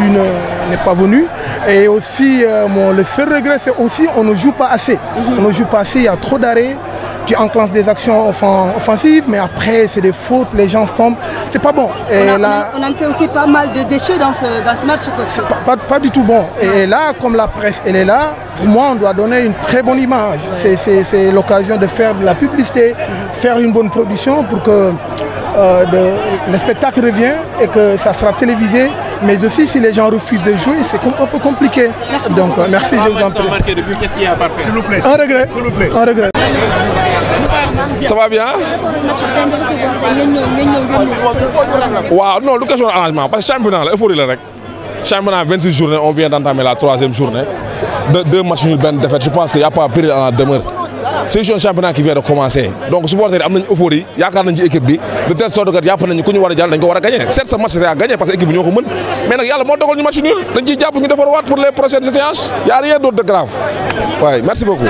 lui n'est pas venu. Et aussi, euh, bon, le seul regret, c'est aussi on ne joue pas assez. Mhm. On ne joue pas assez, il y a trop d'arrêts. Tu enclenches des actions offensives, mais après, c'est des fautes, les gens se tombent. C'est pas bon. Et on, a, là, on, a, on a aussi pas mal de déchets dans ce, dans ce match. Pas, pas, pas, du tout bon. Et là, comme la presse, elle est là, pour moi, on doit donner une très bonne image. Ouais. C'est l'occasion de faire de la publicité, mhm. faire une bonne production pour que euh, de, le spectacle revienne et que ça sera télévisé Mais aussi, si les gens refusent de jouer, c'est un peu compliqué. Merci Donc, beaucoup. merci, je vous en prie. Ah, quest a à faire S'il vous plaît. Un regret. S'il vous plaît. Un bien waaw non du question parce que championnat la euphorie la rek championnat 26 journées on vient d'entamer la troisième journée deux matchs nuls benn défaite je pense que y a pas péril en la demeure session championnat qui vient de commencer donc supporters yi am nañ euphorie yaakaar nañ ci équipe bi de telle sorte que jàpp nañ ku ñu war a jàll dañ ko war a gagné certes sa match c'est à gagner parce que ko mën mais nag yàlla moo dogal ñu match nul dañ ñu defar waat pour les prochaines séances y a rien d'autre de grave waaye merci beaucoup.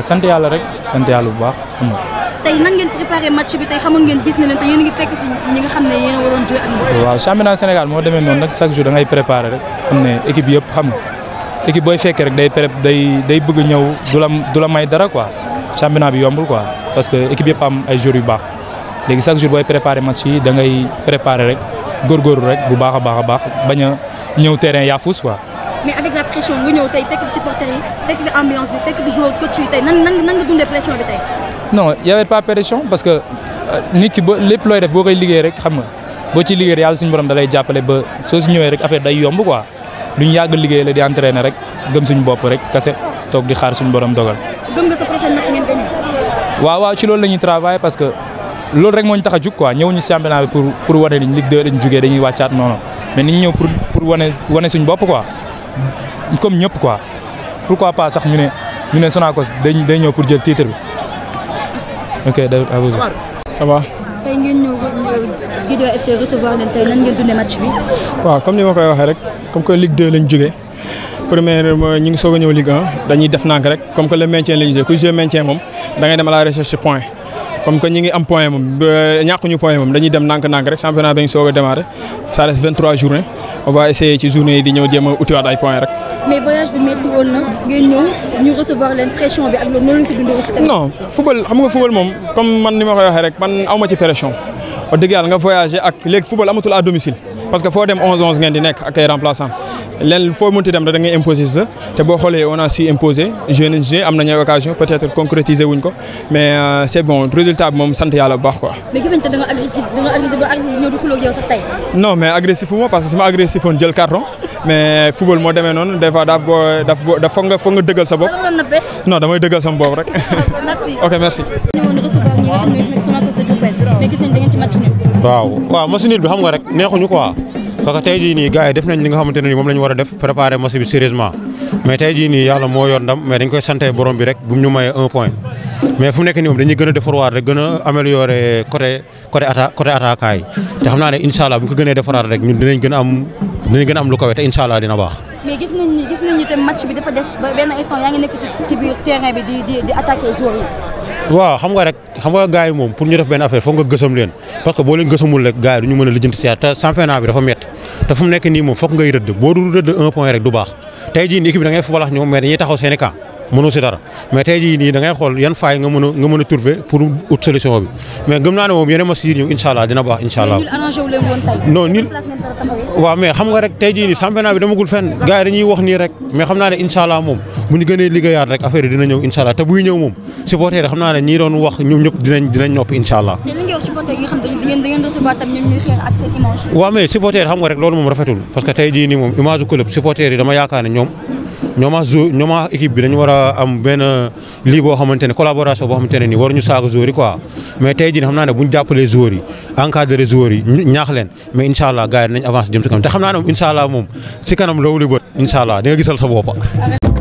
sant yàlla la rek sant yàlla bu baax tey nan ngeen préparé match bi tey xamoon ngeen gis na leen te yéen a fekk si ñi nga xam ne yéen a waroon joué ak ñoom. waaw Sénégal moo demee noonu nag chaque jour da ngay préparé rek xam ne équipe yëpp xam nga équipe booy fekkee rek day prép day day bëgg ñëw du la du la may dara quoi championnat bi yombul quoi parce que équipe yëpp am ay jour yu baax léegi chaque jour booy préparé match yi da ngay préparé rek góorgóorlu rek bu baax a baax a baax bañ a ñëw terrain yaafus quoi. non y avait pas pression parce que euh, nit ki ba lépp looy def boo koy liggéey rek xam nga boo ci liggéey yàlla suñ borom da lay jàppale ba soo si ñëwee rek affaire day yomb quoi duñ yàgg liggéey la di entraîner rek gëm suñu bopp rek kase toog di xaar suñ borom dogal. gëm waaw waaw ci loolu la ñuy parce que loolu rek moo ñu tax a jug quoi ñëwuñu championnat bi pour pour wane ni Ligue 2 jugee dañuy wàccaat noonu mais ni ñu ñëw pour pour wane wane suñu bopp quoi comme ñëpp quoi pourquoi pas sax ñu ne ñu ne Sonacos day day ñëw pour jël titre bi ok David à vous ça va. tey ngeen ñëw Guédiawaye waaw comme ni ma koy waxee rek comme que Ligue 2 lañ jógee première mooy ñi ngi soog a ñëw Ligue 1 dañuy def nànk rek comme que le maintien lañ joué ku joué moom da ngay dem à la recherche point. comme que ñi ngi am point moom ñàkkuñu point moom dañuy dem nànk-nànk rek championnat bi ñu soog a démarré ça reste 23 journées on va essayer ci journée yi di ñëw jéem a utiwaat ay points rek. mais woon na ngeen ñëw ñu football xam nga football moom comme man ni ma koy waxee rek man aw ma ci pression wax dëgg yàlla nga voyagé ak léegi football amatul à domicile. parce que foo dem 11 11 ngeen di nekk a ay remplaçant leen foo mënti dem da ngay imposer sa te boo xoolee on a su imposer jeune nañ jeune am nañu occasion peut être concrétiser wuñ ko mais euh, c' bon résultat moom sant yàlla bu baax ko mais gis nañ te da nga agressif parce que su ma agressif woon jël carton. mais football moo demee noonu des fois daaf boo daaf boo dafa nga foog nga dëggal sa bopp. non damay dëggal sama bopp rek. ok merci. waaw waaw match nul bi xam nga rek neexuñu quoi parce que tey jii nii gars def nañ nga xamante ne moom la ñu war a def préparer match sérieusement mais tey jii nii yàlla moo yor mais dañ koy sante borom bi rek bu ñu mayee un point. mais fu mu nekk nii moom dañuy gën a defaraat rek gën a améliorer côté côté atta côté yi te xam naa ne incha allah bu ñu ko gënee defaraat rek ñun dinañ gën am dinañ am lu ko wér te incha allah dina baax. mais gis nañ ni gis nañ ni tamit di di di waaw xam nga rek xam nga gars moom pour ñu def benn affaire foog nga gësam leen parce que boo leen gësamul rek du ñu mën a lijjanti si te championnat bi dafa métti te fu mu nekk nii moom foog ngay rëdd boo dul rëdd un point rek du baax te jii nii équipe da ngay fubalax ñoom mais dañuy taxaw seen i mënu si dara mais tey jii nii da ngay xool yan faay nga mën a nga mën a trouver pour ut solution bi mais gëm naa ne moom yeneen match yi ñëw incha allah dina baax incha allah xam nga rek tey jii nii championnat bi demagul fenn gars yi dañuy wax nii rek mais xam naa ne incha allah moom bu ñu gënee liggéeyaat rek affaire yi dina ñëw incha allah te ñëw moom supporter xam naa ne ñii doon wax ñoom ñëpp dinañ dinañ noppi incha allah waaw mais supporter xam nga rek loolu moom rafetul parce que tey jii nii moom image club supporter dama yaakaar ne ñoom ñoom ak jou ñoom ak équipe bi dañu war a am benn li boo xamante ne collaboration boo xamante ne nii waruñu saaga joueurs yi quoi mais tey jii xam naa ne bu ñu jàppalee joueurs yi encadré joueurs yi ñaax leen mais incha allah gars yi nañ avancé jëm si te xam naa ne moom incha allah moom si kanam loolu bët incha allah di nga gisal sa bopp